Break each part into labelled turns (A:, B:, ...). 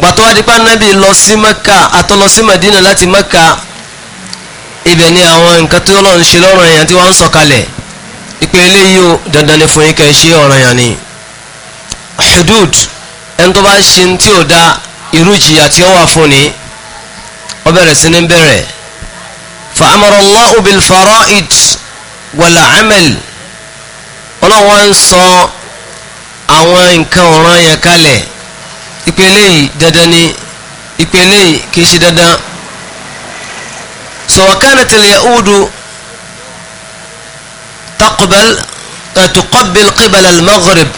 A: gbàtọ́ wá dípá nábì lọ sí mẹ́ka àtọ́lọ sí mẹ́dínà láti mẹ́ka ibẹ̀ ni àwọn nǹkan tí ọlọ́run ṣe lọ́rọ̀ èèyàn tí wọ́n ń sọ̀kalẹ̀ ìpè eléyìí ó dandan ni fún yín kẹ́ ẹ ṣe ọ̀rọ̀ èèyàn ni hudud ẹni tó bá ṣe ní tí ò da irú jìyà tí ó wà fún ni ó bẹ̀rẹ̀ sí ní bẹ̀rẹ̀ fa amara Allahu bil fara'id wal amal ọlọ́run wá ń sọ àwọn nǹkan ọ̀ràn yẹn kalẹ̀ ipe eléyìí dandan ni ipe eléyìí kì í ṣe dandan so wakanat al-yahudu taqbal eh, tuqabbil qibal al-maghrib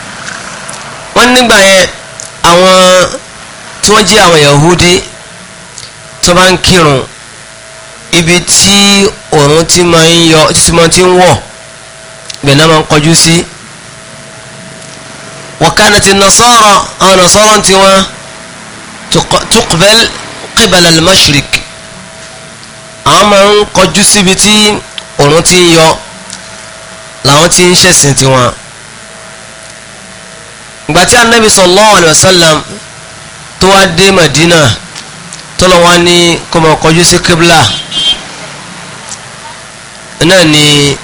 A: wọ́n nígbà yẹn àwọn tí wọ́n jẹ́ àwọn yahudi tó bá ń kírun ibi tí òòrùn ti máa ń yọ tí máa ti ń wọ̀ bẹ́ẹ̀ máa ń kọjú sí. Si وكانت النصارى أو نصارى توا تقبل قبل المشرق أما قد سبتي ونتي يو لو تنشى سنتوا gbàtí anabi sallallahu alayhi wa sallam tó wá dé madina tó lọ wá ní kó máa kọjú sí kébìlà náà ni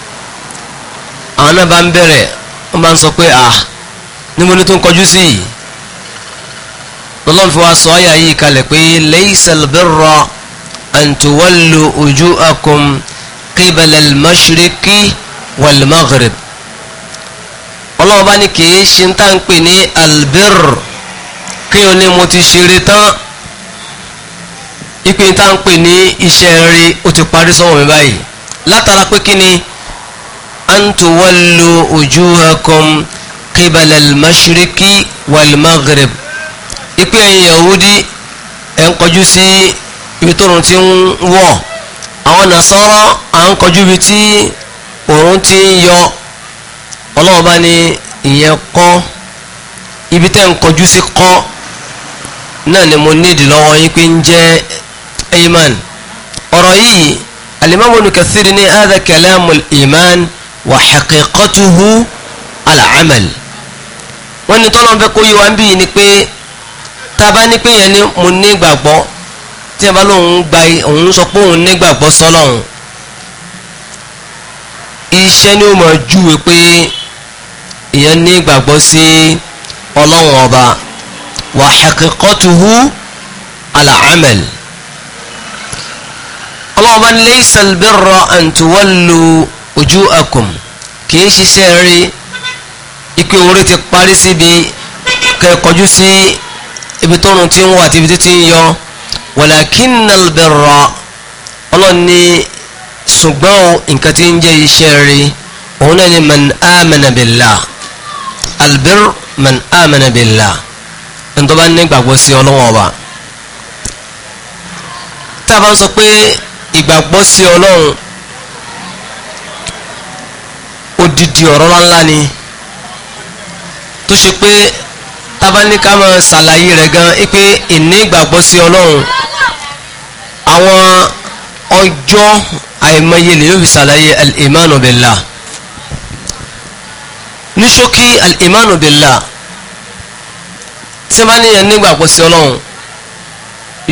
A: àwọn náà bá ń bẹ̀rẹ̀ wọ́n bá ń sọ pé ah ní mo ní tó ń kọjú sí yìí lọ́lọ́run fi wá sọ àyà yìí kalẹ̀ pé laysal birra an tuwallu wujuhakum qibala al-mashriqi wal-maghrib ọlọ́wọ́ kìí ṣe ń tà ń pè ní albir kí o ní mo ti ṣeré tán ìpín tá ń pè ní iṣẹ́ rí o ti parí sọ́wọ́ mi báyìí látara pé kí ni antuwallu wujuhakum qibala al-mashriqi wal-maghrib ipe ẹ̀yin yahudi ẹ̀ ń kọjú sí ibi tó rùn ti ń wọ̀ àwọn nasara à ń kọjú ibi tí òòrùn ti ń yọ ọlọ́wọ́ bá ní ìyẹn kọ́ ibi tẹ́ ń kọjú sí kọ́ náà ni mo nídìí lọ́wọ́ yín pé ń jẹ́ iman ọ̀rọ̀ yìí alimami ibn kathir ní iman wa haqiqatuhu al wọ́n ní tọ́lọ́ fẹ́ kó yé wa ń bí yìí ni pé tá a bá ní pé yẹn ni mo ní gbàgbọ́ tí a bá lóun gba òun sọ pé òun ní gbàgbọ́ sọ́lọ́hún iṣẹ́ ni ó mọ̀ júwe pé èèyàn ní gbàgbọ́ sí ọlọ́run ọba wà haqiqatuhu ala ọlọ́run ọba ní laysal birra an tuwallu wujuhakum kì í ṣiṣẹ́ rí ipe orí ti parí síbi kẹkọjú sí ibi tó rùn tí ń wọ àti ibi tó ti ń yọ walakinnal birra ọlọ́ni ṣùgbọ́n nǹkan tí ń jẹ́ iṣẹ́ rí òun náà ni man amana billah albir man amana billah ẹni tó bá ní ìgbàgbọ́ sí ọlọ́wọ́n ọba tá a bá ń sọ pé ìgbàgbọ́ sí ọlọ́run odidi ọ̀rọ̀ ńlá ni tó ṣe pé tábánikà máa ṣàlàyé rẹ̀ gan pé ìní ìgbàgbọ́ sí ọlọ́run àwọn ọjọ́ àìmọye lè yóò fi ṣàlàyé al-imanu billah ní ṣókí al-imanu billah tí wọ́n bá níyàn nígbàgbọ́ sí ọlọ́run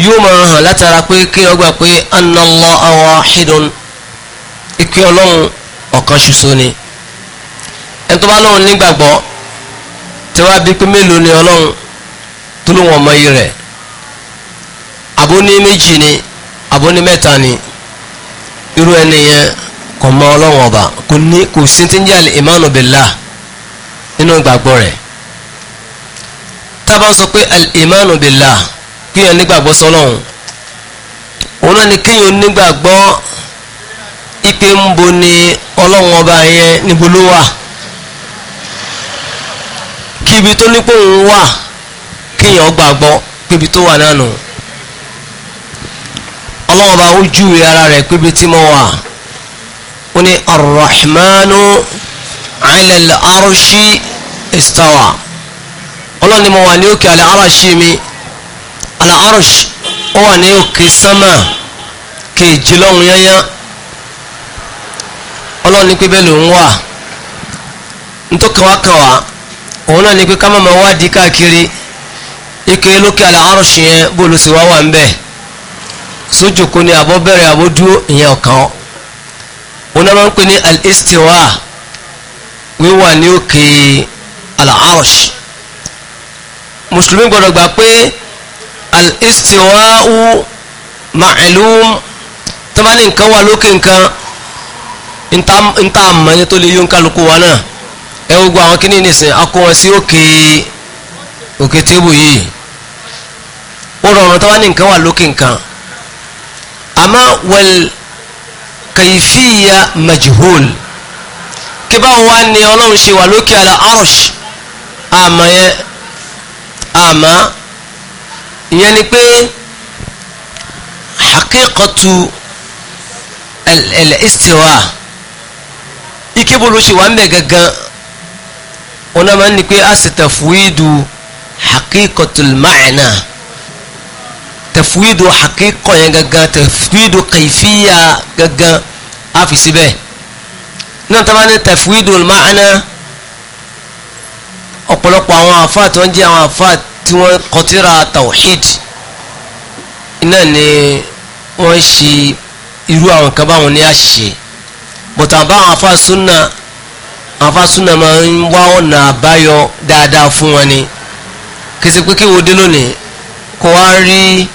A: yóò máa hàn látara pé kí wọ́n gbà pé anna Allaha wahidun ike ọlọ́run ọ̀kan ṣoṣo ni ẹni tó bá lóun nígbàgbọ́ tí wàá bí pé mélòó ni ọlọ́run tó ló wọ̀n mọ́yì rẹ̀ àbó ní méjì ni àbó ní mẹ́ta ni irú ẹni yẹn kò mọ ọlọ́run ọba kò ní kò sí ti ń jẹ́ al-imanu nínú ìgbàgbọ́ rẹ̀ sọ pé al-imanu kéèyàn nígbàgbọ́ sọlọ́run ipe ń bo ni ọlọ́run ọba yẹn níbo kí ibi tó ní pé òun wà kéèyàn gbàgbọ́ pé ibi tó wà náà nù ọlọ́wọ́n bá ó júwe ara rẹ̀ pé ibi tí mo wà ó ní arrahmanu ala al-arshi istawa ọlọ́ni mo wà ní òkè ala arashi mi ala arashi ó wà ní òkè sánmà kejì lọ́hùn yányán ọlọ́ni pé bẹ́ẹ̀ ló ń wà ntọ́kàwákàwá òun náà ni pé ká má máa wádìí káàkiri ike lókè àlà àrùsì yẹn bó ló sì wá wà ń bẹ̀ sójòkó ni àbọ̀ bẹ̀rẹ̀ àbọ̀ dúró ìyẹn ọ̀kan òun náà máa ń pè ní al wíwà ní òkè àlà mùsùlùmí gbọ́dọ̀ gbà pé al-istiwa u ma'lum tó bá ní nǹkan wà lókè nǹkan ń ta àmọ́ ẹni tó lè yọ kálukú wa náà ẹ gbogbo àwọn kíní nìsín akó wọn sí òkè òkè tébù yìí ó rọrùn tó wá ní nǹkan wà lókè nǹkan àmọ́ wẹ̀l kàyífìyà majhul kí báwo wá ní ọlọ́run ṣe wà lókè àlà arsh àmọ́ yẹn àmọ́ ìyẹn ni pé haqiqatu al-istiwa ikebolo ṣe wà ń bẹ̀ gangan ona máa ń ní pé a sì tafwidu haqiqatul ma'na tafwidu haqiqa yẹn gangan tafwidu kayfiya gangan a fi síbẹ̀ náà tá a bá ní tafwidu ma'na ọ̀pọ̀lọpọ̀ àwọn àfáà tí wọ́n jẹ́ àwọn àfáà tí wọ́n kọtíra tawhid iná ni wọ́n ṣe irú àwọn kan báwọn ní àṣìṣe bọ̀tà bá àwọn àfáà súnà afásúnà máa ń wá ọ̀nà àbáyọ dáadáa fún wọn ni kìsì pé kí wo dé lónìí kó wá rí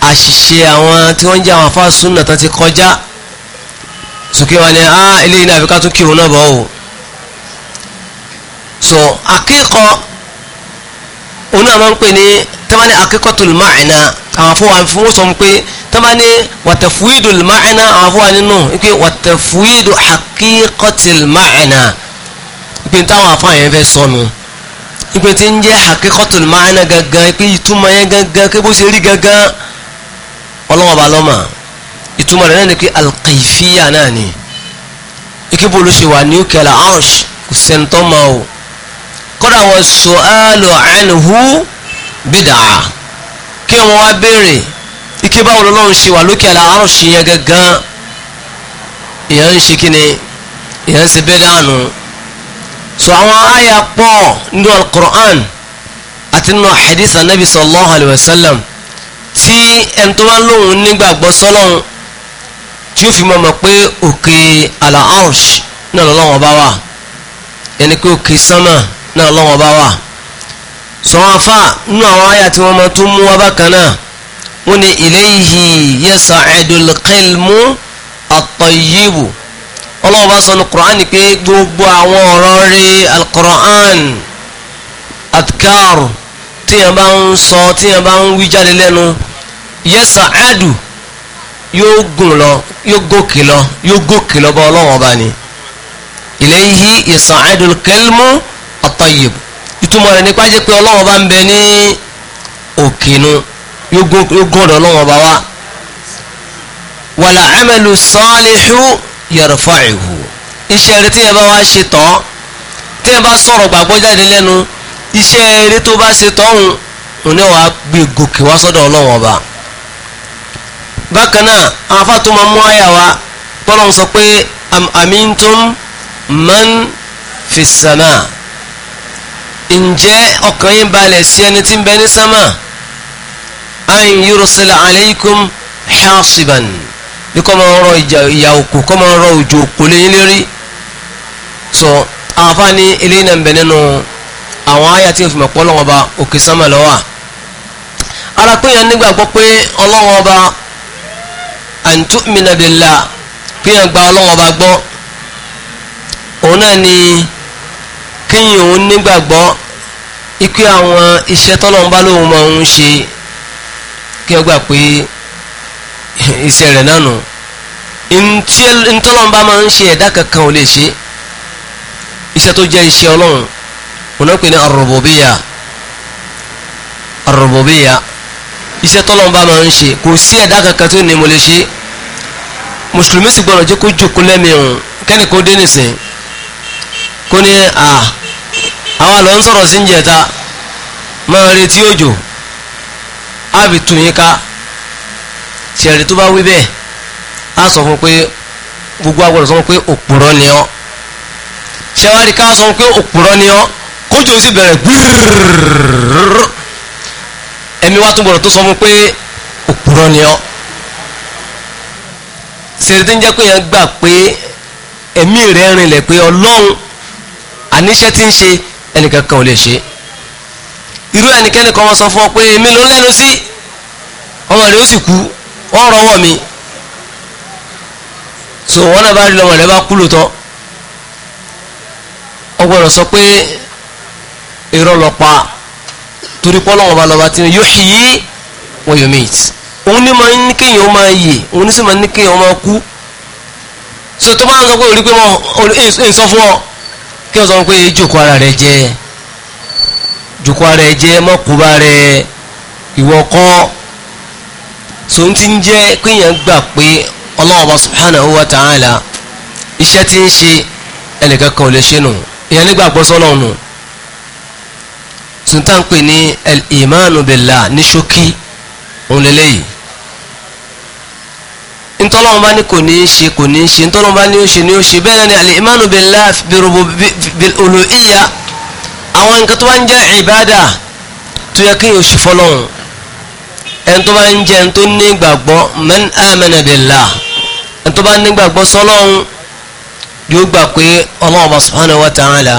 A: àṣìṣe àwọn tí wọ́n ń jẹ́ àwọn afásúnà tán ti kọjá sókè wọn ni ah eléyìí náà àbíká tún kí òun náà bọ̀ o so akíkọ òun náà máa ń pè ní tẹ́wọ́n ní akíkọ́tul máàna àwọn afọwọ́n fún wọn sọ pé tọ́ba ní wàtẹ̀fúwìdù máàna àwọn afọwọ́n nínú wípé wàtẹ̀fúwìdù àkíkọ́til máàna ìpín táwọn afá yẹn fẹ́ sọnù ìpín tí ń jẹ́ hakikatul ma'ana gangan ìpín ìtumọ̀ yẹn gangan kí bó ṣe rí gangan ọlọ́wọ́ bá lọ́mà ìtumọ̀ rẹ̀ náà ni pé alkaifiya náà ni ìkíbo ló ṣe wà ní òkè àlà kò sẹ́ńtọ́ ma o kódà wọn su'alu anhu bid'a kí wọn wá béèrè ike báwo lọ́lọ́run ṣe wà lókè àlà arsh yẹn gangan ìyẹn ń ṣe kí ni ìyẹn ń ṣe bẹ́ẹ̀ dànù so àwọn àyà pọ̀ nínú alukur'an àti nínú hadith anabi sallallahu alayhi wa sallam tí ẹni tó bá lóun nígbàgbọ́ sọ́lọ́run tí ó fi mọ̀ mọ̀ pé òkè al-arsh náà lọ́wọ́ bá wà yẹni pé òkè sánmà náà lọ́wọ́ bá wà sọ̀rọ̀ afá nínú àwọn àyà tí wọ́n máa tún mú wá bákan náà wọ́n ní ilayhi yas'adul qalmu at-tayyibu ọlọ́wọ́ bá sọ ní Qur'an pé gbogbo àwọn ọ̀rọ̀ rí al-Qur'an adkar tíyẹn bá ń sọ tíyẹn bá ń wí jáde lẹ́nu yas'adu yóò gùn lọ yóò gòkè lọ yóò gòkè lọ bá ọlọ́wọ́ bá ní ilayhi yas'adu al-kalmu at ìtumọ̀ rẹ̀ nípa jẹ́ pé ọlọ́wọ́ bá ń bẹ ní òkèlú yóò gùn ọ̀dọ̀ ọlọ́wọ́ bá wá wàlà amalu salihu yarfa'uhu iṣẹ́ rẹ tí yẹn bá wá ṣe tán tí yẹn bá sọ̀rọ̀ gbàgbọ́ jáde lẹ́nu iṣẹ́ rẹ tó bá ṣe tán òun òun náà wàá gbé gòkè wá sọ́dọ̀ ọlọ́wọ́n ọba bákan náà àwọn afáàtò máa mú àyà wa tọ́lọ́n sọ pé am amintum fi sàmà ǹjẹ́ ọkàn yín balẹ̀ sí ẹni tí ń bẹ ní sàmà an yursila alaykum hasiban bí kọ́ máa rọ ìyà òkú kọ́ máa rọ òjò òkú léyìn lérí so àwọn afá ní eléyìí náà ń bẹ nínú àwọn àyà tí o fi mọ̀ pọ́ lọ́wọ́ ọba òkè sámà lọ́wọ́ ara pé yẹn nígbàgbọ́ pé ọlọ́wọ́ ọba an tu'mina billah pé yẹn gba ọlọ́wọ́ ọba gbọ́ òun náà ni kíyìn òun nígbàgbọ́ ikú àwọn iṣẹ́ tọ́lọ́wọ́n bá lóun máa ń ṣe kí ẹ gbà pé iṣẹ́ rẹ̀ náà nù ntọ́lọ́run bá máa ń ṣe ẹ̀dá kankan ò lè ṣe iṣẹ́ tó jẹ́ iṣẹ́ ọlọ́run òun pè ní arọ̀bọ̀bíyà arọ̀bọ̀bíyà iṣẹ́ tọ́lọ́run bá máa ń ṣe kò sí ẹ̀dá kankan tó ní mo lè ṣe mùsùlùmí sì gbọ́dọ̀ jẹ́ kó jòkó lẹ́mìíràn kẹ́ni kó dé nìsín kó ní à àwọn àlọ́ ń sọ̀rọ̀ sí ń jẹ̀ta máa retí òjò àbí tùyín ká tìrẹ̀rì tó bá wí bẹ́ẹ̀ á sọ fún pé gbogbo agbọ̀dọ̀ sọ fún pé òpùrọ̀ ni ọ́ ṣẹwárí ká sọ pé òpùrọ̀ ni ọ́ kójú ó sì bẹ̀rẹ̀ gbúrúrúrú ẹ̀mí wa tún gbọ̀dọ̀ tó sọ fún pé òpùrọ̀ ni ọ́ ṣèrè tí ń jẹ́ pé yẹn gbà pé wọ́n rọwọ́ mi so wọ́n náà bá rí lọ́mọ rẹ̀ bá kú lóòótọ́ ọ gbọ́dọ̀ sọ pé irọ́ lọ pa torí pọ́ lọ́wọ́ bá lọ́ba tí yóò hì í wọ́n yóò mìt òun ní máa ń kéèyàn ó máa yè òun ní sì máa ń kéèyàn ó máa kú so tó bá ń sọ pé orí pé mo ń sọ fún ọ kí wọ́n sọ pé jòkó ara rẹ jẹ jòkó ara rẹ jẹ mọ́kúba rẹ ìwọ kọ́ so n ti ń jẹ́ kéèyàn gbà pé ọlọ́wọ́ba subhanahu wa ta'ala iṣẹ́ tí ń ṣe ẹnìkan kan ò lè ṣe nù ìyẹn nígbàgbọ́ sọ́nà nù sultan pè ní al-imanu billah ní ṣókí òun lélẹ́yìí ntọ́lọ́wọ́n bá ní kò ní í ṣe kò ní í ṣe ntọ́lọ́wọ́n bá ní ó ṣe ní ó ṣe bẹ́ẹ̀ ni al-imanu billah bil-uluhiyya àwọn nǹkan tó bá ń jẹ́ ìbádà tó yẹ kéèyàn ṣe fọlọ́hún ẹni tó bá ń jẹ ẹni tó ní gbàgbọ́ man amana billah ẹni tó bá ní gbàgbọ́ sọlọ́hún yóò gbà pé ọlọ́run bá subhanahu wa ta'ala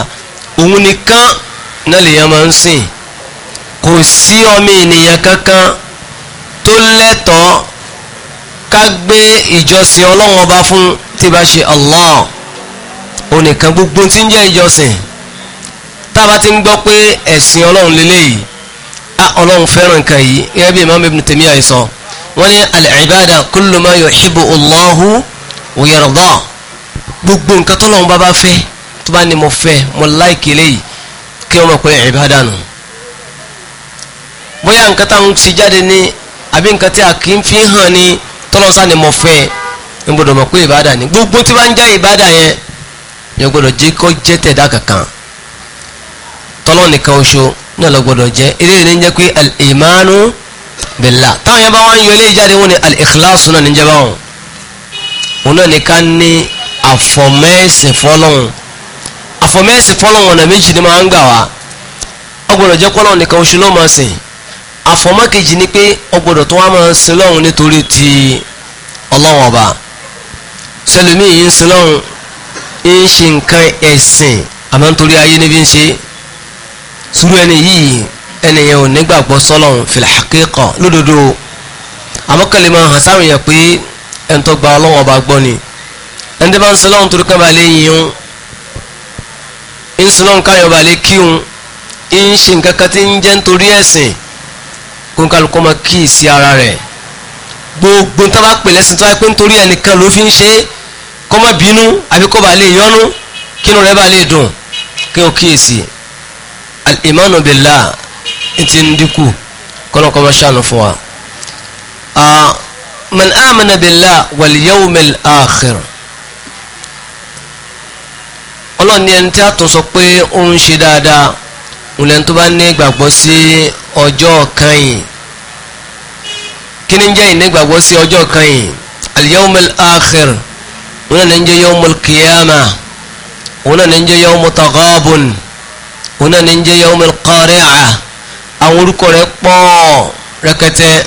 A: òun nìkan náà lèèyàn máa ń sìn kò sí ọmọ ènìyàn kankan tó lẹ́tọ̀ọ́ ká gbé ìjọsìn ọlọ́run ọba fún tí bá ṣe Allah òun nìkan gbogbo tí ń jẹ́ ìjọsìn tá a bá ti ń gbọ́ pé ẹ̀sìn ọlọ́run lélẹ́yìí ọlọ́run fẹ́ràn nǹkan yìí gẹ́gẹ́ bí imam ibn taymiya yìí sọ wọ́n ní al-ibada kullu ma yuhibbu Allahu wa yarda gbogbo nǹkan tọ́lọ́run bá bá fẹ́ tó bá ní mo fẹ́ mo láìkè léyìí kí wọ́n mọ̀ pé ibada nù bóyá nǹkan táwọn ti jáde ní àbí nǹkan tí a kì í fi hàn ní tọ́lọ́run ni mo fẹ́ n gbọ́dọ̀ mọ̀ pé ibada ni gbogbo tí wọ́n ń jẹ́ ibada yẹn yẹn gbọ́dọ̀ jẹ́ kó jẹ́ tẹ̀dá kankan tọ́lọ́ nìkan oṣù náà lọ gbọdọ̀ jẹ́ eléyìí ní jẹ́ pé al-imanu billah táwọn yẹn wọn yọ eléyìí jáde wọn ni al-ikhlasu náà ní jẹ́ báwọn òun náà ní ká ní àfọ̀mẹ́sìn fọlọ́hún àfọ̀mẹ́sìn fọlọ́hún ọ̀nà méjì ni máa ń gbà wá ó gbọdọ̀ jẹ́ kọ́lọ́hún nìkan oṣù ló máa sìn àfọ̀mọ́kejì ni pé ó tó wá máa sin lọ́hún nítorí ti ọlọ́wọ̀n ọba sẹlẹ̀mí yìí ń sin lọ́hún ń ṣe nǹkan sùúrù ẹni yìí ẹni yẹn ò nígbàgbọ́ sọ́lọ́run fil haqiqa lódodo àmọ́kànlẹ̀ máa hàn sáwọn yẹn pé ẹni gba ọlọ́wọ́ ọba gbọ́ ni ẹni tó bá ń sọlọ́run torí kan bá lè yìn ń ń sọlọ́run káyọ̀ bá lè kíhun ń ṣe nǹkan kan tí ń jẹ́ nítorí ẹ̀sìn kó ń kálukọ́ máa kíì sí ara rẹ̀ gbogbo tó bá pè lẹ́sìn tó wáyé pé nítorí ẹnìkan ló fi ń ṣe kó má bínú àbí kó bá lè yọnu kínú rẹ̀ bá dùn kí ó kíyèsí al-imanu billah ti ń dínkù kọ́nọ́kọ́ bá ṣàánú fún wa. man amana billah wal yawmil akhir ọlọ́run ní ẹni tí a tún sọ pé ó ń ṣe dáadáa òun ẹni tó bá ní ìgbàgbọ́ sí ọjọ́ kan yìí kí ni ń jẹ́ sí ọjọ́ kan yìí al-yawmul akhir òun náà ń jẹ́ yawmul qiyamah òun náà ní ń jẹ́ yawmut taghabun òun náà ní ń jẹ́ yawmul qari'a àwọn orúkọ rẹ̀ pọ̀ rẹ̀kẹ̀tẹ̀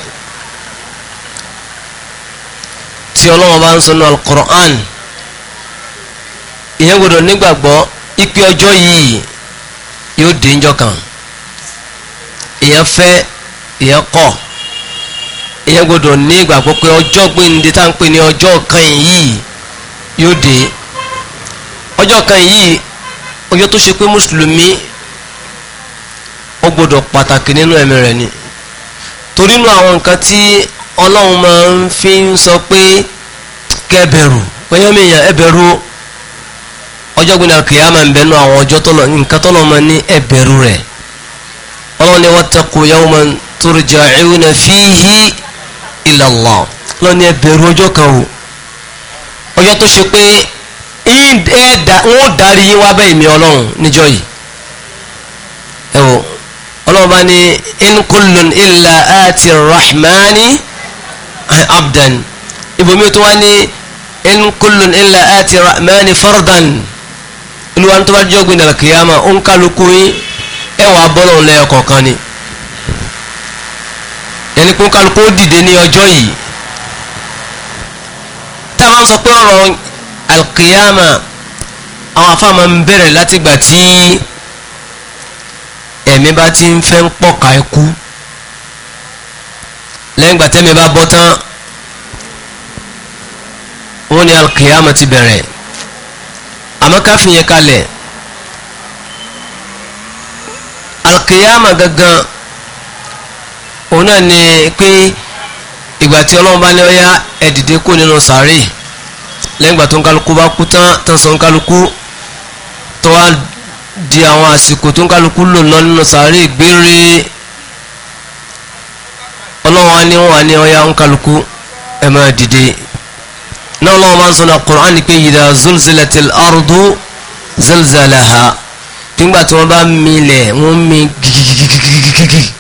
A: tí ọlọ́wọ́n bá ń sọ ní al-Qur'an ìyẹn gbọdọ̀ nígbàgbọ́ ipe ọjọ́ yìí yóò dé ńjọ́ kan ìyẹn fẹ́ ìyẹn kọ̀ ìyẹn gbọdọ̀ ní pé ọjọ́ gbẹ̀ǹde tá à ń pè ní ọjọ́ kan yìí yóò dé ọjọ́ kan yìí ọjọ́ tó ṣe pé mùsùlùmí gbọ́dọ̀ pàtàkì nínú ẹ̀mí rẹ̀ ni torí inú àwọn nǹkan tí ọlọ́run máa ń fi ń sọ pé kẹbẹ̀rù pẹ́yẹ́mìyàn ẹbẹ̀rù ọjọ́ gbìnà kìyàmà ń bẹ̀nu àwọn ọjọ́ tọ́lọ̀ nǹkan tọ́lọ̀ máa ní ẹbẹ̀rù rẹ̀ ọlọ́run ni wattaqu yawman turja'una fihi ila Allah ọlọ́run ni ẹbẹ̀rù ọjọ́ kan o ọjọ́ tó ṣe pé ń ó darí yín wá bẹ́ẹ̀ mi ọlọ́run níjọ́ yìí ẹ ọlọ́ọ̀bá ni in kullun illa ati rahmani abdan ibòmí tó wá ní in kullun illa ati rahmani fardan olúwa tó bá jọ́gbìn dàlà kìyàmà ó ń kálukú yín ẹwà bọ́lọ̀ lẹ́yọ kọ̀ọ̀kan ni ẹni pé ó dìde ní ọjọ́ yìí tá a máa ń sọ pé ọ̀rọ̀ alkìyàmà àwọn afáàmà ń bẹ̀rẹ̀ látìgbà tí ẹ̀mí bá ti ń fẹ́ ń pọ̀ka ikú lẹ́yìn ìgbà tẹ́mi bá bọ́ tán wọ́n ní alkiyama ti bẹ̀rẹ̀ àmọ́ ká fi yẹn kalẹ̀ alkiyama gangan òun náà ni pé ìgbà tí ọlọ́run bá ní ọyá ẹ̀dìdẹ́ kò nínú sàárè lẹ́yìn ìgbà tó ń kálukú bá kú tán tán sọ ń kálukú tó wá di àwọn àsìkò tó ń kálukú lò lọ nínú sàárè gbére ọlọ́wọ́n ni wọ́n ní ọya ń kálukú ẹ máa dìde náà lọ́wọ́ máa ń sọ ní Al-Qur'an pé idha zulzilatil ardu zilzalaha nígbà tí wọ́n bá mi lẹ̀ wọ́n mi gigigigigigigi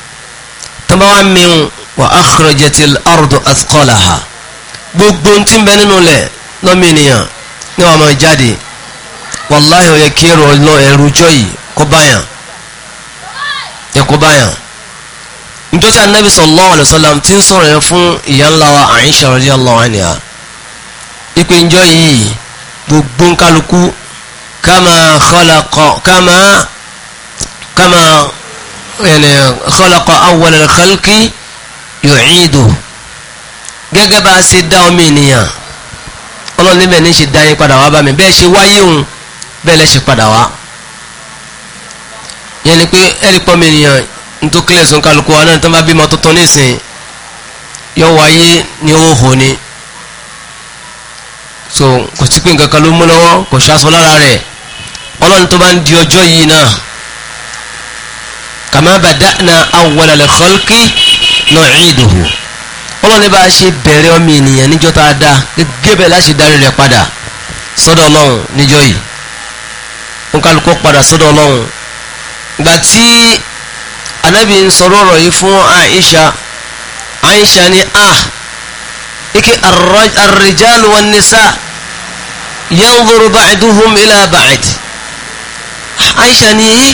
A: wàláhì ó yẹ kí ẹrù ọlọ ẹrù jọ yìí kó báyàn yẹ kó báyàn nítorí anabi sallallahu alayhi wa sallam ti ń sọ̀rọ̀ yẹn fún ìyá ńlá wa Aisha radiyallahu anha ipe njọ yìí gbogbo nkálukú kama khalaqa kama kama yẹn khalaqa gẹ́gẹ́ bá a ṣe dá omi ènìyàn ọlọ́run níbẹ̀ ní ṣe dá yín padà wá bá mi bẹ́ẹ̀ ṣe wáyé òun bẹ́ẹ̀ lẹ́sẹ̀ padà wá yẹn ni pé ẹ̀rí pọ́nmi ènìyàn nítorí kílẹ̀ sùn kálukú wa náà tó bá bímọ tuntun nísìn yọ wáyé ní owó hò ni so kò sí pé nǹkan kan ló mú lọ́wọ́ kò ṣaṣọ lára rẹ̀ ọlọ́run tó bá ń di ọjọ́ yìí náà kàmá bada'na awwala l-khalqi nu'iduhu ọlọ́run bá ṣe bẹ̀rẹ̀ ọmọ ènìyàn níjọ́ tá a dá gẹ́gẹ́ bẹ́ẹ̀ láṣẹ darí rẹ̀ padà sọ́dọ̀ ọlọ́run níjọ́ yìí nkálukú padà sọ́dọ̀ ọlọ́run gbà tí anabi ń sọ̀rọ̀ ọ̀rọ̀ yìí fún aisha aisha ni a ah, ike arrijalu wan nisa yanzuru ba'duhum ila ba'd aisha ni yìí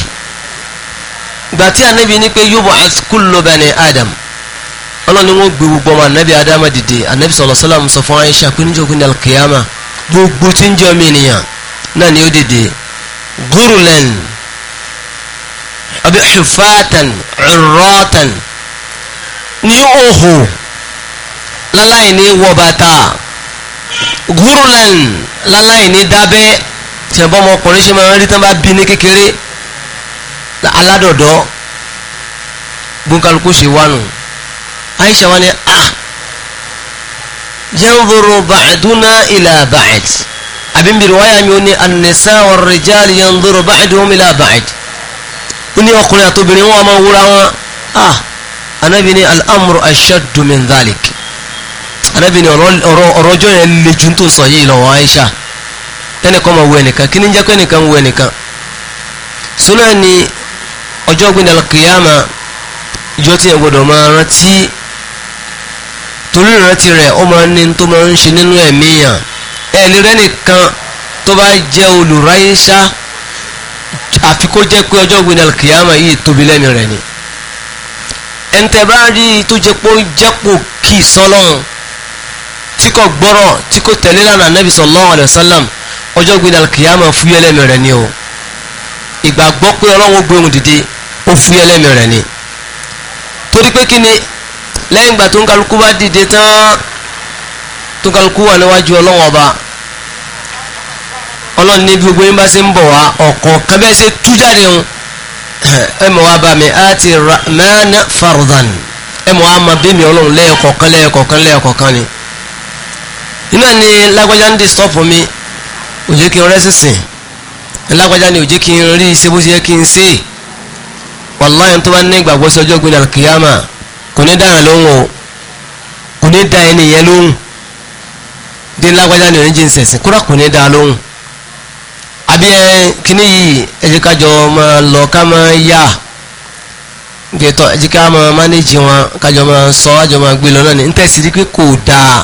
A: gbà tí anabi ní pé yub'ath kullu bani adam ọlọ́ni wọn gbé gbogbo ọmọ anabi adam dìde anabi sallallahu alaihi sọ fún aisha pé níjọ́ alkiyama gbogbo tí ń jẹ́ ọmọ ènìyàn náà ni ó dìde gurulan àbí xufatan curratan ní òhò láláì ní wọ bàtà gurulan láláì ní dábẹ́ tí ẹ̀bọ́n ọmọkùnrin ṣe máa ń rí tán bá bí ní kékeré aládọ̀dọ́ gbóǹkálukú ṣe wánu Aisha wani ah jẹ́ ń bọ̀rọ̀ bàdúnà ìlà bàdì àbí nbí riwaya mi ó ní anisa ọ̀rẹ́jáàlì yanzuru ba'duhum ila ba'd ó ní ọkùnrin àtòbìnrin wọn máa wúra wọn ah anabi ni al'amuru ashaddu min dhalik anabi ni ọ̀rọ̀ ọjọ́ yẹn le jù tó sọ yìí lọ́wọ́ Aisha ẹnìkan máa wú ẹnìkan kí ni jẹ́ pé ẹnìkan wú ẹnìkan ni ọjọ́ gbìn alkiyama ìjọ tí ẹ gbọdọ̀ máa rántí torí ìrántí rẹ̀ ó máa ní tó máa ń ṣe ẹ̀lì rẹ nìkan tó bá jẹ́ olùráyé ṣá àfi kó jẹ́ pé ọjọ́ ìgbìnà kìyàmà yìí tóbi lẹ́nu rẹ̀ ni ẹ̀ǹtẹ̀ bá rí tó jẹ́ pé ó jẹ́pò kì í sọ́lọ́run tí kò gbọ́rọ̀ tí kò tẹ̀lé lánà Ànábì sallallahu alaihi ọjọ́ ìgbìnà kìyàmà fúyẹ́ lẹ́nu rẹ̀ ni o ìgbàgbọ́ pé Ọlọ́run gbé ohun dìde ó fúyẹ́ lẹ́nu rẹ̀ ni torí pé kí ni lẹ́yìn ìgbà tó ń kálukú bá dìde tán tó kálukú wà níwájú ọlọ́wọ́n ọba ọlọ́run ní gbogbo yín bá ṣe ń bọ̀ wá ọ̀kọ̀ kábẹ́ ṣe tú jáde ń ẹ mọ̀ wá mi àti rahman fardan ẹ mọ̀ wá ma bí mi ọlọ́run lẹ́ẹ̀kọ̀kan lẹ́ẹ̀kọ̀kan lẹ́ẹ̀kọ̀kan ni iná ni lágbájá ń disturb mi ò jẹ́ kí n rẹ́ sísìn lágbájá ni ò jẹ́ kí n rí ṣe bó ṣe yẹ kí n ṣe wàláyé tó bá ní gbin alkiyama kò ní dáhàn lóhùn o kò ní dá ẹni yẹn lóhùn dé lágbájá ní oníjì ń sẹ̀sìn kúrò kò ní dá lóhùn àbí ẹ kíní yìí ẹ jẹ́ ká jọ máa lọ ká máa yá gbẹtọ ẹ jẹ́ ká máa mánéjì wọn ká jọ máa sọ ká jọ máa gbé lọ náà ní ń tẹ̀sí rí pé kò dáa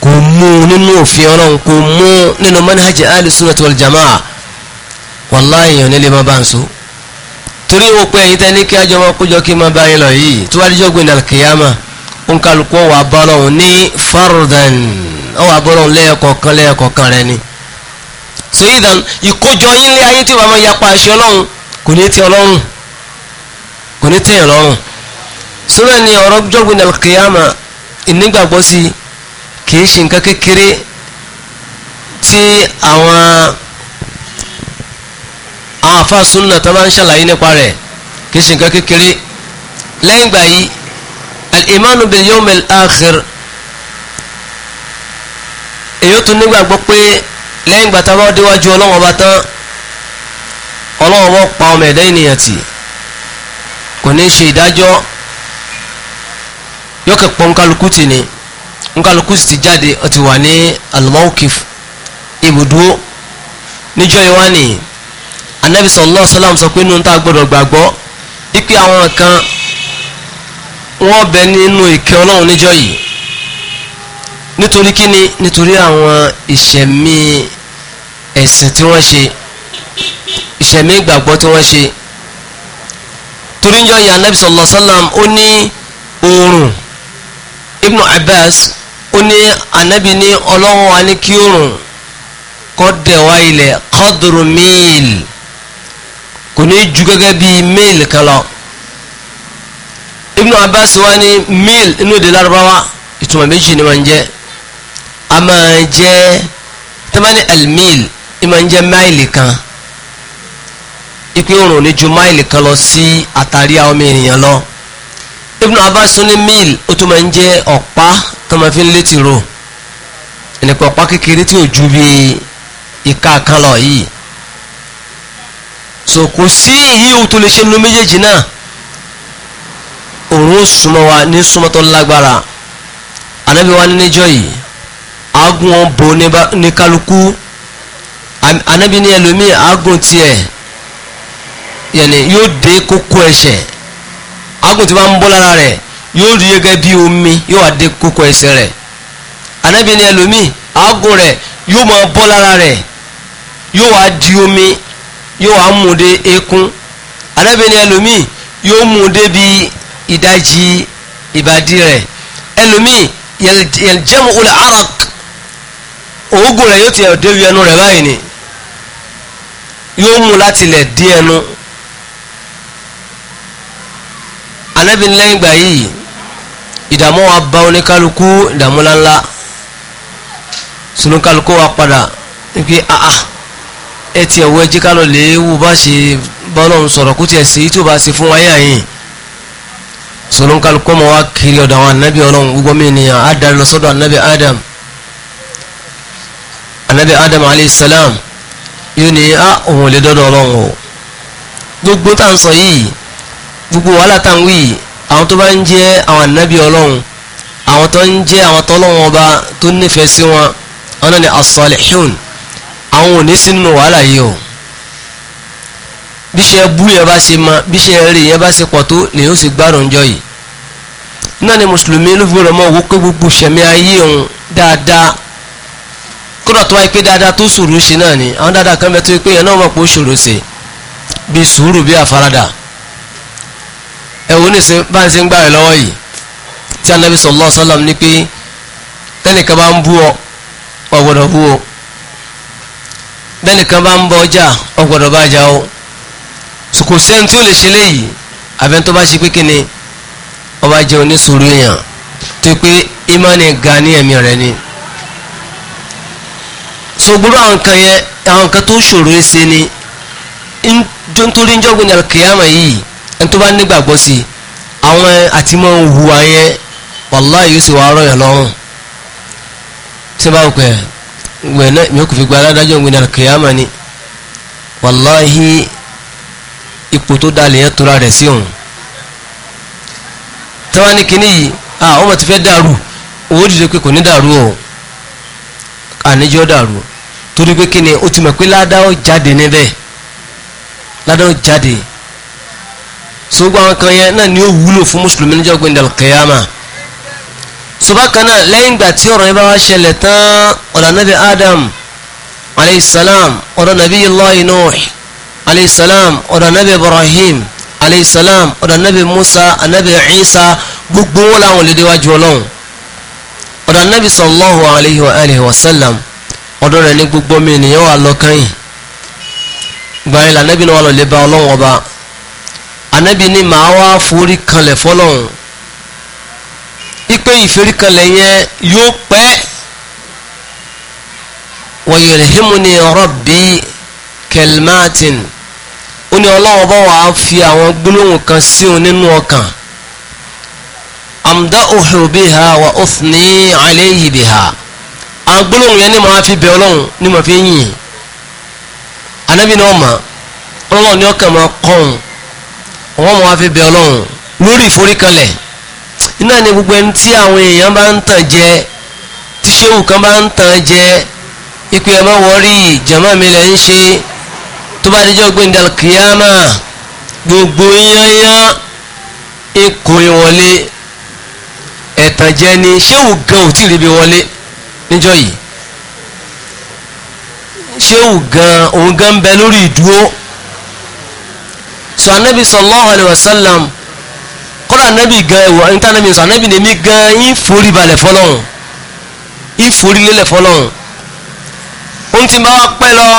A: kò mú nínú òfin ọlọ́run kò mú nínú manhaj al-sunnah wal jamaa wàláhì so torí wọn pé ẹ̀yin tẹ́ni kí ajọ́ máa kójọ kí máa bá yín lọ yìí tó bá díjọ́ gbé nàlùkìyàmà òǹkàlùkọ́ wà bá ọwọ́ abọ́rọ̀ lẹ́ẹ̀kọ̀ọ̀kan lẹ́ẹ̀kọ̀ọ̀kan rẹ ni so idan ìkójọ yín lé ayé tí bàbá yapa àṣẹ ọlọ́run kò ní tẹ́ ọlọ́run kò ní tẹ́ ọlọ́run sọ́rọ́ ni ọ̀rọ̀ jọ́gbìn alkiyama ìnígbàgbọ́ sí kìí ṣe nǹkan kékeré tí àwọn àwọn afáàsúnà tó máa ń ṣàlàyé nípa rẹ̀ kìí ṣe nǹkan kékeré lẹ́yìn ìgbà yìí al-imanu bil yawm al-akhir èyí ó tún nígbàgbọ́ pé lẹ́yìn ìgbà tá a bá déwájú ọlọ́wọ́n bá tán ọlọ́wọ́n bá pa ọmọ ẹ̀dá ènìyàn tì kò ní ṣe ìdájọ́ yóò kẹ́ pọ́n kálukú tì ní nkálukú sì ti jáde ó ti wà ní al ibùdó níjọ́ ìwá anabi sallallahu alaihi sọ pé nínú a gbọ́dọ̀ gbàgbọ́ ipe àwọn kan wọ́n bẹ nínú ìkẹ́ ọlọ́run níjọ́ yìí nítorí kíni nítorí àwọn ìṣẹ̀mí ẹ̀sìn tí wọ́n ṣe ìṣẹ̀mí ìgbàgbọ́ tí wọ́n ṣe torí ń jọ ìyá anabi sallallahu alaihi ó ní oòrùn ibnu abbas ó ní anabi ní ọlọ́wọ́ wa ní kí oòrùn kọ́ dẹ̀ ilẹ̀ qadru mil kò ní ju gẹ́gẹ́ bíi mil kan lọ ibnu abbas wa ní mil inú ìdè lárúbáwá ìtumọ̀ méjì ni wọ́n ń jẹ́ a máa jẹ́ tẹ́mání almil ìmọ̀ ń jẹ́ máìlì kan ipe òrùn ní ju máìlì kan lọ sí àtàrí àwọn ọmọ ènìyàn lọ Ibn Abbas ní mil ó tún máa ń jẹ́ ọ̀pá tó máa fi ń létí ro ẹnìkan ọ̀pá kékeré tí ò ju bí ìka kan lọ yìí so kò sí ìyíwò tó lè ṣe nínú méjèèjì náà òun ó súnmọ́ wa ní súnmọ́ tó lágbára ànábi wa ní yìí agun bo ní kálukú anabi ní ẹlòmíì agun tiẹ̀ e. yẹni yóò dé kókó ẹsẹ̀ agun tí wọ́n ń bọ́ lára rẹ̀ yóò rí gẹ́gẹ́ bí omi yóò wá dé kókó ẹsẹ̀ rẹ̀ anabi ní ẹlòmíì agun rẹ̀ yóò máa bọ́ lára rẹ̀ yóò wá di omi yóò wá mú dé eékún anabi ní ẹlòmíì yóò mú dé bí ìdajì ìbàdí rẹ̀ ẹlòmíì yẹlẹjẹmu olè arak òógùn rẹ̀ yóò ti débi ẹnu rẹ̀ báyìí ni yóò mú láti lẹ̀ dé ẹnu anabi lẹ́yìn ìgbà yìí ìdààmú wa bá oníkálukú ìdààmú ńláńlá sunukaluku wa padà wípé aa ẹ tiẹ̀ wọ ẹjí kálọ̀ lè wù bá ṣe bọ́lọ̀ ń sọ̀rọ̀ kó tiẹ̀ sí tí bá ṣe fún wáyà yìí sunukaluku ma wá kiri ọ̀dọ̀ àwọn anabi ọlọ́run gbogbo mi nìyàn á darí lọ sọ́dọ̀ anabi adam anabi adam aleyhisselam yóò ní a ah, òun ò lè dọ́dọ̀ ọlọ́run o gbogbo tá à ń sọ yìí gbogbo wàhálà tá à ń wí yìí àwọn tó bá ń jẹ́ àwọn anabi ọlọ́run àwọn tó ń jẹ́ àwọn tọ́lọ́run ọba tó nífẹ̀ẹ́ sí wọn wọn náà ní àwọn ò ní sí nínú wàhálà yìí o bí ṣe bú yẹn bá ṣe ma bí ṣe rí yẹn bá ṣe pọ̀ tó ni yóò ṣe gbádùn jọ yìí náà ni mùsùlùmí ló fi rọ̀ mọ́ òwò pé gbogbo ṣẹ̀mí ayé òun dáadáa kódà tó wáyé pé dáadáa tó ṣòro ṣe náà ni àwọn dáadáa kan bẹ tó pé yẹn náà mọ̀ pé ó ṣòro ṣe bí sùúrù bí àfaradà ẹ wo ní sẹ bá ń ṣe ń gbààwẹ̀ lọ́wọ́ yìí tí anabi sallallahu alaihi wasallam ní pé tẹnìkan bá ń bú ọ ọ bú ọ bẹ́nìkan bá ń bọ ọjà ọ bá jà ọ kò sẹ́ni tí ó lè ṣe léyìí àbẹ́ni tó bá ṣe pé kíni ọba jẹ́ onísùúrù èèyàn tó pé ìmánì ga ní ẹ̀mí rẹ̀ ni so gbogbo àwọn nǹkan yẹn àwọn nǹkan tó ṣòro ṣe ni nítorí njọ́gbìn ní alkiyama yìí ẹni tó bá nígbàgbọ́ sí i àwọn àti mọ́ ń hu àyẹn wàláhì yóò sì wá ọ̀rọ̀ yẹn lọ́rùn ṣé báwo pẹ́ ìwé mi ò kò fi gba aládájọ́ ìwé ní alkiyama ni wàláhì ipò tó dalẹ̀ yẹn tora rẹ̀ sí òun tọ́wọ́n ní kinní yìí àwọn ah, ọmọ ti fẹ́ dàrú owó dìde pé kò ní dàrú o àníjọ́ dàrú o torí pé kí ni ó ti mọ̀ pé ládàá jáde níbẹ̀ ládàá jáde sogbo àwọn kan yẹn náà ni ó wúlò fún mùsùlùmí níjọ́ gbẹ̀ndẹ̀ kẹyàmà soba kan náà lẹ́yìn ìgbà tí ọ̀rọ̀ yẹn bá wá ṣẹlẹ̀ tán ọ̀dọ̀ nabi adam aleyhisalaam ọ̀dọ̀ nabi ilayi nuh aleyhisalaam ọ̀dọ̀ nabi ibrahim aleyhisalaam ọ̀dọ̀ nabi musa anabi isa gbogbo wọn làwọn olè déwájú ọlọ́run ọ̀dọ̀ nabi sallallahu alayhi wa alihi wa sallam ọ̀dọ̀ rẹ̀ ní gbogbo mi ènìyàn wà lọ kàn yìí gbàyìn lànàbí náà wà lọ lè ba ọlọ́run ọba ànàbí ni màá wá forí kanlẹ̀ fọlọ́run ipe ìforí kanlẹ̀ yẹn yóò pẹ́ wayulhimuni rabbi kelmatin ó ní ọlọ́run ọba wà fi àwọn gbólóhùn kan sí òun nínú ọkàn amda'uhu biha wa uthni alayhi biha àwọn gbólóhùn yẹn ni màá fi bẹ ọlọ́run ni màá fi yìn anabi náà mà ọlọ́run ni ọkàn máa kọ́hún ọwọ́ màá fi bẹ ọlọ́run lórí ìforíkalẹ̀ iná ni gbogbo ẹni tí àwọn èèyàn bá ń tàn jẹ tí sẹ́wù kan bá ń tàn jẹ ipe ẹ̀ má wọ́rí jàmá mi lẹ́ ń ṣe tó bá dijọ́ gbẹ̀ndà kìyàmà gbogbo yányá ikùn ìwọlé ẹ̀tàn jẹ ni sẹ́wù gan ò tí ì ríbi wọlé níjọ́ yìí ṣéwù gan òun gan bẹ lórí ìdúró sọ anabi sallallahu alayhi wa sallam kọ́lá anabi gan ẹ̀wọ̀ níta anabi sọ anabi nìmi gan yín forí balẹ̀ fọlọ́hún yín lélẹ̀ fọlọ́hún ohun tí n pẹ́ lọ